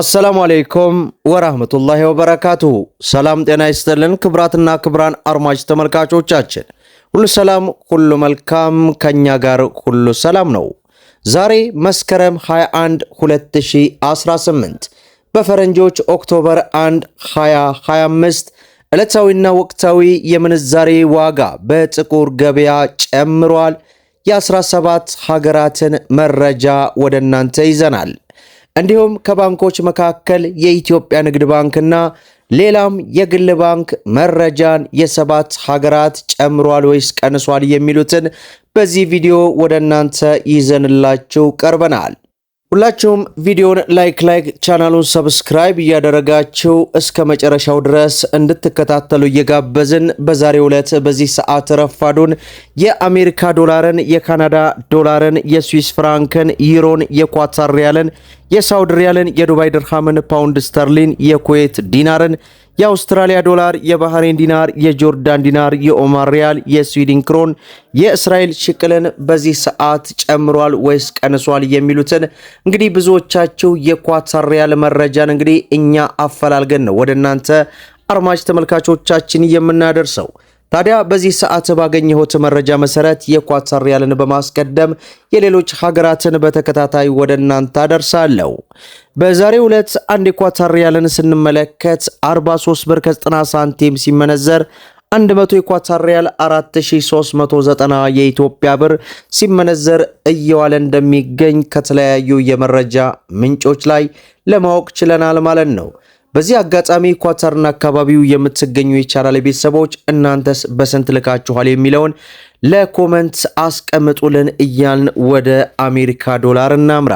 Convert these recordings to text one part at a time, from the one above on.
አሰላሙ አሌይኩም ወራህመቱላሂ ወበረካቱሁ። ሰላም ጤና ይስጥልን። ክብራትና ክብራን አድማጭ ተመልካቾቻችን ሁሉ ሰላም ሁሉ መልካም፣ ከኛ ጋር ሁሉ ሰላም ነው። ዛሬ መስከረም 21 2018 በፈረንጆች ኦክቶበር 1 2025 ዕለታዊና ወቅታዊ የምንዛሬ ዋጋ በጥቁር ገበያ ጨምሯል። የ17 ሀገራትን መረጃ ወደ እናንተ ይዘናል። እንዲሁም ከባንኮች መካከል የኢትዮጵያ ንግድ ባንክና ሌላም የግል ባንክ መረጃን የሰባት ሀገራት ጨምሯል ወይስ ቀንሷል የሚሉትን በዚህ ቪዲዮ ወደ እናንተ ይዘንላችሁ ቀርበናል። ሁላችሁም ቪዲዮን ላይክ ላይክ ቻናሉን ሰብስክራይብ እያደረጋችሁ እስከ መጨረሻው ድረስ እንድትከታተሉ እየጋበዝን በዛሬው ዕለት በዚህ ሰዓት ረፋዱን የአሜሪካ ዶላርን፣ የካናዳ ዶላርን፣ የስዊስ ፍራንክን፣ ዩሮን፣ የኳታር ሪያልን የሳውዲ ሪያልን፣ የዱባይ ድርሃምን፣ ፓውንድ ስተርሊን፣ የኩዌት ዲናርን፣ የአውስትራሊያ ዶላር፣ የባህሬን ዲናር፣ የጆርዳን ዲናር፣ የኦማር ሪያል፣ የስዊድን ክሮን፣ የእስራኤል ሽቅልን በዚህ ሰዓት ጨምሯል ወይስ ቀንሷል የሚሉትን እንግዲህ ብዙዎቻችሁ የኳታር ሪያል መረጃን እንግዲህ እኛ አፈላልገን ነው ወደ እናንተ አርማጅ ተመልካቾቻችን የምናደርሰው። ታዲያ በዚህ ሰዓት ባገኘሁት መረጃ መሰረት የኳታር ሪያልን በማስቀደም የሌሎች ሀገራትን በተከታታይ ወደ እናንተ አደርሳለሁ። በዛሬ ዕለት አንድ የኳታር ሪያልን ስንመለከት 43 ብር ከ90 ሳንቲም ሲመነዘር 100 የኳታር ሪያል 4390 የኢትዮጵያ ብር ሲመነዘር እየዋለ እንደሚገኝ ከተለያዩ የመረጃ ምንጮች ላይ ለማወቅ ችለናል ማለት ነው። በዚህ አጋጣሚ ኳታርና አካባቢው የምትገኙ የቻናል ቤተሰቦች እናንተስ በስንት ልካችኋል የሚለውን ለኮመንት አስቀምጡልን እያልን ወደ አሜሪካ ዶላር እናምራ።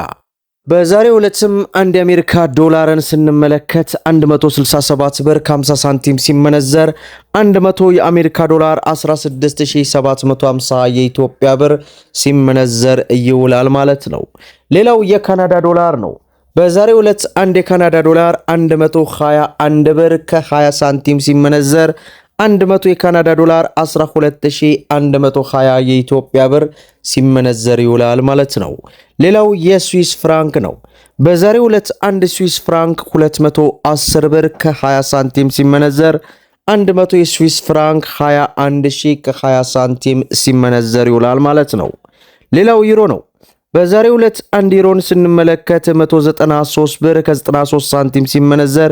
በዛሬው ዕለትም አንድ የአሜሪካ ዶላርን ስንመለከት 167 ብር ከ50 ሳንቲም ሲመነዘር 100 የአሜሪካ ዶላር 16750 የኢትዮጵያ ብር ሲመነዘር ይውላል ማለት ነው። ሌላው የካናዳ ዶላር ነው። በዛሬ ዕለት አንድ የካናዳ ዶላር 121 ብር ከ20 ሳንቲም ሲመነዘር 100 የካናዳ ዶላር 12120 የኢትዮጵያ ብር ሲመነዘር ይውላል ማለት ነው። ሌላው የስዊስ ፍራንክ ነው። በዛሬ ዕለት አንድ ስዊስ ፍራንክ 210 ብር ከ20 ሳንቲም ሲመነዘር 100 የስዊስ ፍራንክ 21 ከ20 ሳንቲም ሲመነዘር ይውላል ማለት ነው። ሌላው ዩሮ ነው። በዛሬው ዕለት አንድ ዩሮን ስንመለከት 193 ብር ከ93 ሳንቲም ሲመነዘር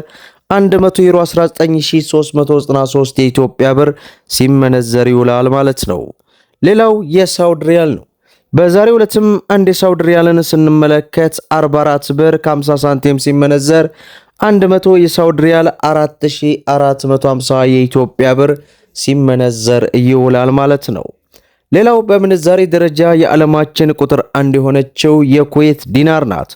100 ዩሮ 19393 የኢትዮጵያ ብር ሲመነዘር ይውላል ማለት ነው። ሌላው የሳውድ ሪያል ነው። በዛሬ ዕለትም አንድ የሳውድ ሪያልን ስንመለከት 44 ብር ከ50 ሳንቲም ሲመነዘር 100 የሳውድ ሪያል 4450 የኢትዮጵያ ብር ሲመነዘር ይውላል ማለት ነው። ሌላው በምንዛሬ ደረጃ የዓለማችን ቁጥር አንድ የሆነችው የኩዌት ዲናር ናት።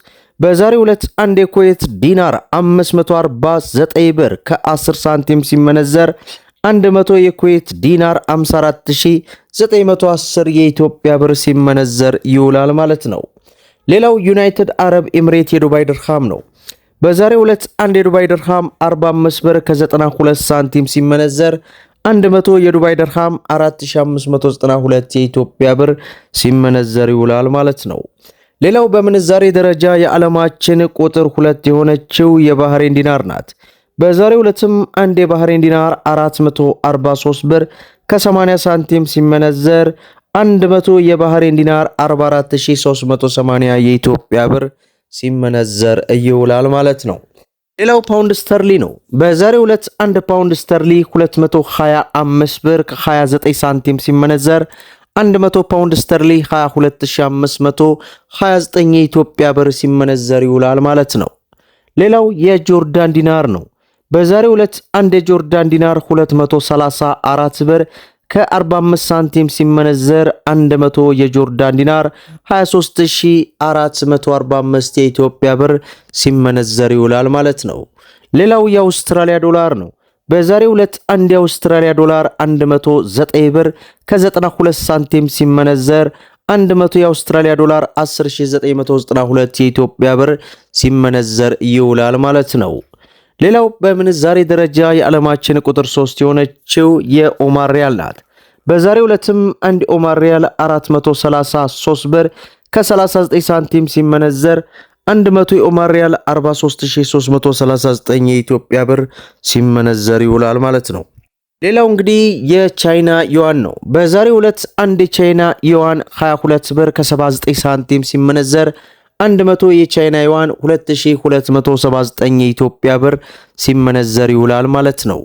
በዛሬ ዕለት አንድ የኩዌት ዲናር 549 ብር ከ10 ሳንቲም ሲመነዘር 100 የኩዌት ዲናር 54910 የኢትዮጵያ ብር ሲመነዘር ይውላል ማለት ነው። ሌላው ዩናይትድ አረብ ኤምሬት የዱባይ ድርሃም ነው። በዛሬ ዕለት አንድ የዱባይ ድርሃም 45 ብር ከ92 ሳንቲም ሲመነዘር 100 የዱባይ ደርሃም 4592 የኢትዮጵያ ብር ሲመነዘር ይውላል ማለት ነው። ሌላው በምንዛሬ ደረጃ የዓለማችን ቁጥር ሁለት የሆነችው የባህሬን ዲናር ናት። በዛሬ ሁለትም አንድ የባህሬን ዲናር 443 ብር ከ80 ሳንቲም ሲመነዘር 100 የባህሬን ዲናር 44380 የኢትዮጵያ ብር ሲመነዘር ይውላል ማለት ነው። ሌላው ፓውንድ ስተርሊ ነው። በዛሬው ዕለት አንድ ፓውንድ ስተርሊ 225 ብር ከ29 ሳንቲም ሲመነዘር 100 ፓውንድ ስተርሊ 22529 የኢትዮጵያ ብር ሲመነዘር ይውላል ማለት ነው። ሌላው የጆርዳን ዲናር ነው። በዛሬው ዕለት አንድ የጆርዳን ዲናር 234 ብር ከ45 ሳንቲም ሲመነዘር 100 የጆርዳን ዲናር 23445 የኢትዮጵያ ብር ሲመነዘር ይውላል ማለት ነው። ሌላው የአውስትራሊያ ዶላር ነው። በዛሬው ዕለት አንድ የአውስትራሊያ ዶላር 109 ብር ከ92 ሳንቲም ሲመነዘር 100 የአውስትራሊያ ዶላር 10992 የኢትዮጵያ ብር ሲመነዘር ይውላል ማለት ነው። ሌላው በምንዛሬ ደረጃ የዓለማችን ቁጥር 3 የሆነችው የኦማር ሪያል ናት። በዛሬው ዕለትም አንድ ኦማር ሪያል 433 ብር ከ39 ሳንቲም ሲመነዘር 100 የኦማር ሪያል 43339 የኢትዮጵያ ብር ሲመነዘር ይውላል ማለት ነው። ሌላው እንግዲህ የቻይና ዩዋን ነው። በዛሬው ዕለት አንድ የቻይና ዩዋን 22 ብር ከ79 ሳንቲም ሲመነዘር 100 የቻይና ዩዋን 2279 የኢትዮጵያ ብር ሲመነዘር ይውላል ማለት ነው።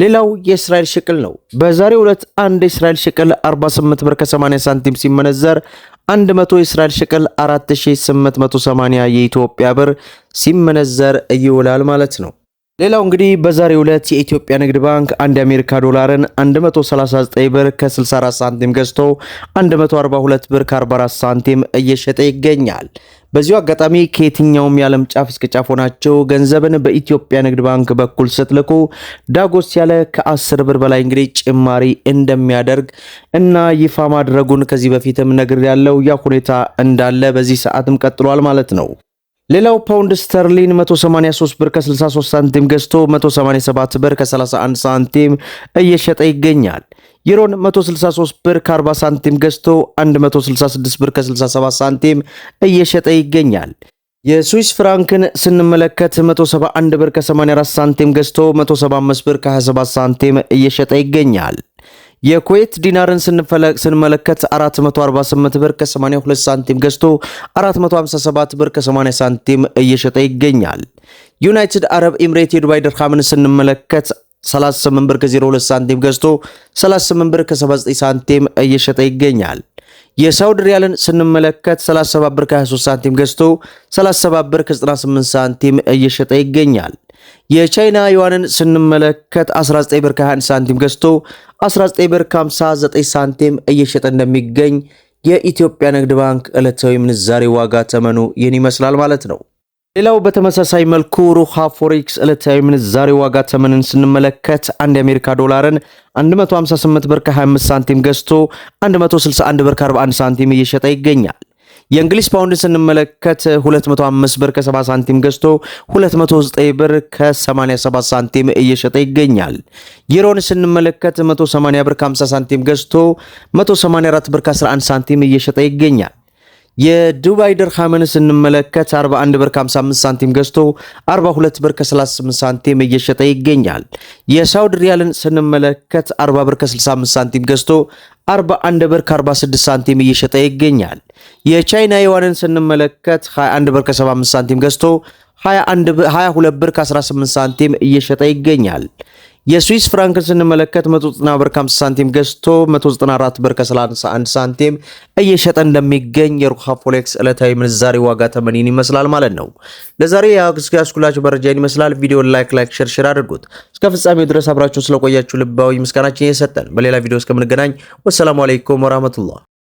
ሌላው የእስራኤል ሽቅል ነው። በዛሬው ዕለት አንድ የእስራኤል ሽቅል 48 ብር ከ80 ሳንቲም ሲመነዘር 100 የእስራኤል ሽቅል 4880 የኢትዮጵያ ብር ሲመነዘር ይውላል ማለት ነው። ሌላው እንግዲህ በዛሬው ዕለት የኢትዮጵያ ንግድ ባንክ አንድ የአሜሪካ ዶላርን 139 ብር ከ64 ሳንቲም ገዝቶ 142 ብር ከ44 ሳንቲም እየሸጠ ይገኛል። በዚሁ አጋጣሚ ከየትኛውም የዓለም ጫፍ እስከ ጫፍ ሆናቸው ገንዘብን በኢትዮጵያ ንግድ ባንክ በኩል ስትልኩ ዳጎስ ያለ ከአስር ብር በላይ እንግዲህ ጭማሪ እንደሚያደርግ እና ይፋ ማድረጉን ከዚህ በፊትም ነግር ያለው ያ ሁኔታ እንዳለ በዚህ ሰዓትም ቀጥሏል ማለት ነው። ሌላው ፓውንድ ስተርሊን 183 ብር ከ63 ሳንቲም ገዝቶ 187 ብር ከ31 ሳንቲም እየሸጠ ይገኛል። ዩሮን 163 ብር ከ40 ሳንቲም ገዝቶ 166 ብር ከ67 ሳንቲም እየሸጠ ይገኛል። የስዊስ ፍራንክን ስንመለከት 171 ብር ከ84 ሳንቲም ገዝቶ 175 ብር ከ27 ሳንቲም እየሸጠ ይገኛል። የኩዌት ዲናርን ስንመለከት 448 ብር ከ82 ሳንቲም ገዝቶ 457 ብር ከ80 ሳንቲም እየሸጠ ይገኛል። ዩናይትድ አረብ ኤምሬት የዱባይ ድርሃምን ስንመለከት 38 ብር ከ02 ሳንቲም ገዝቶ 38 ብር ከ79 ሳንቲም እየሸጠ ይገኛል። የሳውዲ ሪያልን ስንመለከት 37 ብር ከ23 ሳንቲም ገዝቶ 37 ብር ከ98 ሳንቲም እየሸጠ ይገኛል። የቻይና ዩዋንን ስንመለከት 19 ብር ከ21 ሳንቲም ገዝቶ 19 ብር ከ59 ሳንቲም እየሸጠ እንደሚገኝ የኢትዮጵያ ንግድ ባንክ ዕለታዊ ምንዛሬ ዋጋ ተመኑ ይህን ይመስላል ማለት ነው። ሌላው በተመሳሳይ መልኩ ሩሃ ፎሬክስ ዕለታዊ ምንዛሬ ዋጋ ተመንን ስንመለከት አንድ የአሜሪካ ዶላርን 158 ብር ከ25 ሳንቲም ገዝቶ 161 ብር ከ41 ሳንቲም እየሸጠ ይገኛል። የእንግሊዝ ፓውንድ ስንመለከት 205 ብር ከ70 ሳንቲም ገዝቶ 209 ብር ከ87 ሳንቲም እየሸጠ ይገኛል። ዩሮን ስንመለከት 180 ብር ከ50 ሳንቲም ገዝቶ 184 ብር ከ11 ሳንቲም እየሸጠ ይገኛል። የዱባይ ድርሃምን ስንመለከት 41 ብር 55 ሳንቲም ገዝቶ 42 ብር 38 ሳንቲም እየሸጠ ይገኛል። የሳውዲ ሪያልን ስንመለከት 40 ብር 65 ሳንቲም ገዝቶ 41 ብር 46 ሳንቲም እየሸጠ ይገኛል። የቻይና ዩዋንን ስንመለከት 21 ብር 75 ሳንቲም ገዝቶ 22 ብር 18 ሳንቲም እየሸጠ ይገኛል። የስዊስ ፍራንክን ስንመለከት 190 ብር 50 ሳንቲም ገዝቶ 194 ብር 31 ሳንቲም እየሸጠ እንደሚገኝ የሩካ ፎሌክስ ዕለታዊ ምንዛሬ ዋጋ ተመኒን ይመስላል ማለት ነው። ለዛሬ ያስኩላችሁ መረጃን ይመስላል። ቪዲዮን ላይክ ላይክ ሼር ሼር አድርጉት። እስከ ፍጻሜው ድረስ አብራችሁን ስለቆያችሁ ልባዊ ምስጋናችን እየሰጠን በሌላ ቪዲዮ እስከምንገናኝ ወሰላሙ አለይኩም ወራህመቱላህ